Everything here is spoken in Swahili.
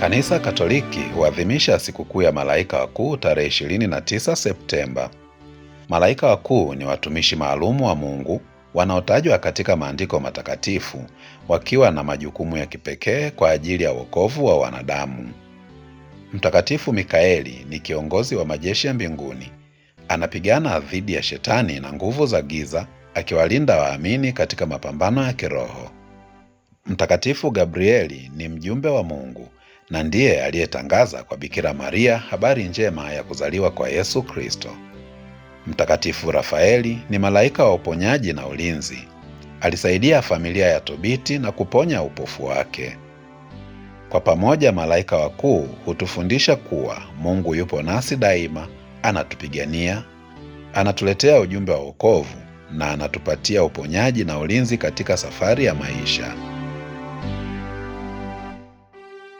Kanisa Katoliki huadhimisha sikukuu ya malaika wakuu tarehe 29 Septemba. Malaika wakuu ni watumishi maalum wa Mungu wanaotajwa katika maandiko matakatifu wakiwa na majukumu ya kipekee kwa ajili ya wokovu wa wanadamu. Mtakatifu Mikaeli ni kiongozi wa majeshi ya mbinguni, anapigana dhidi ya shetani na nguvu za giza, akiwalinda waamini katika mapambano ya kiroho. Mtakatifu Gabrieli ni mjumbe wa Mungu na ndiye aliyetangaza kwa Bikira Maria habari njema ya kuzaliwa kwa Yesu Kristo. Mtakatifu Rafaeli ni malaika wa uponyaji na ulinzi. Alisaidia familia ya Tobiti na kuponya upofu wake. Kwa pamoja, malaika wakuu hutufundisha kuwa Mungu yupo nasi daima, anatupigania, anatuletea ujumbe wa wokovu na anatupatia uponyaji na ulinzi katika safari ya maisha.